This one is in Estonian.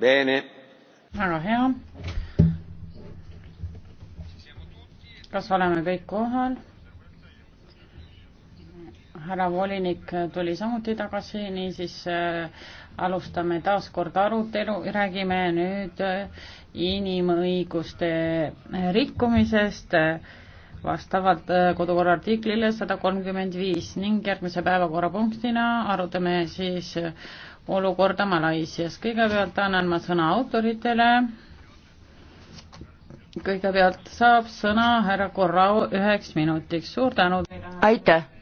bene. väga hea. kas oleme kõik kohal? härra volinik tuli samuti tagasi, niisiis äh, alustame taas kord arutelu, räägime nüüd äh, inimõiguste äh, rikkumisest vastavalt kodukorra artiklile sada kolmkümmend viis ning järgmise päevakorrapunktina arutame siis olukorda Malaisias. kõigepealt annan ma sõna autoritele. kõigepealt saab sõna härra Korrao üheks minutiks. suur tänu teile. aitäh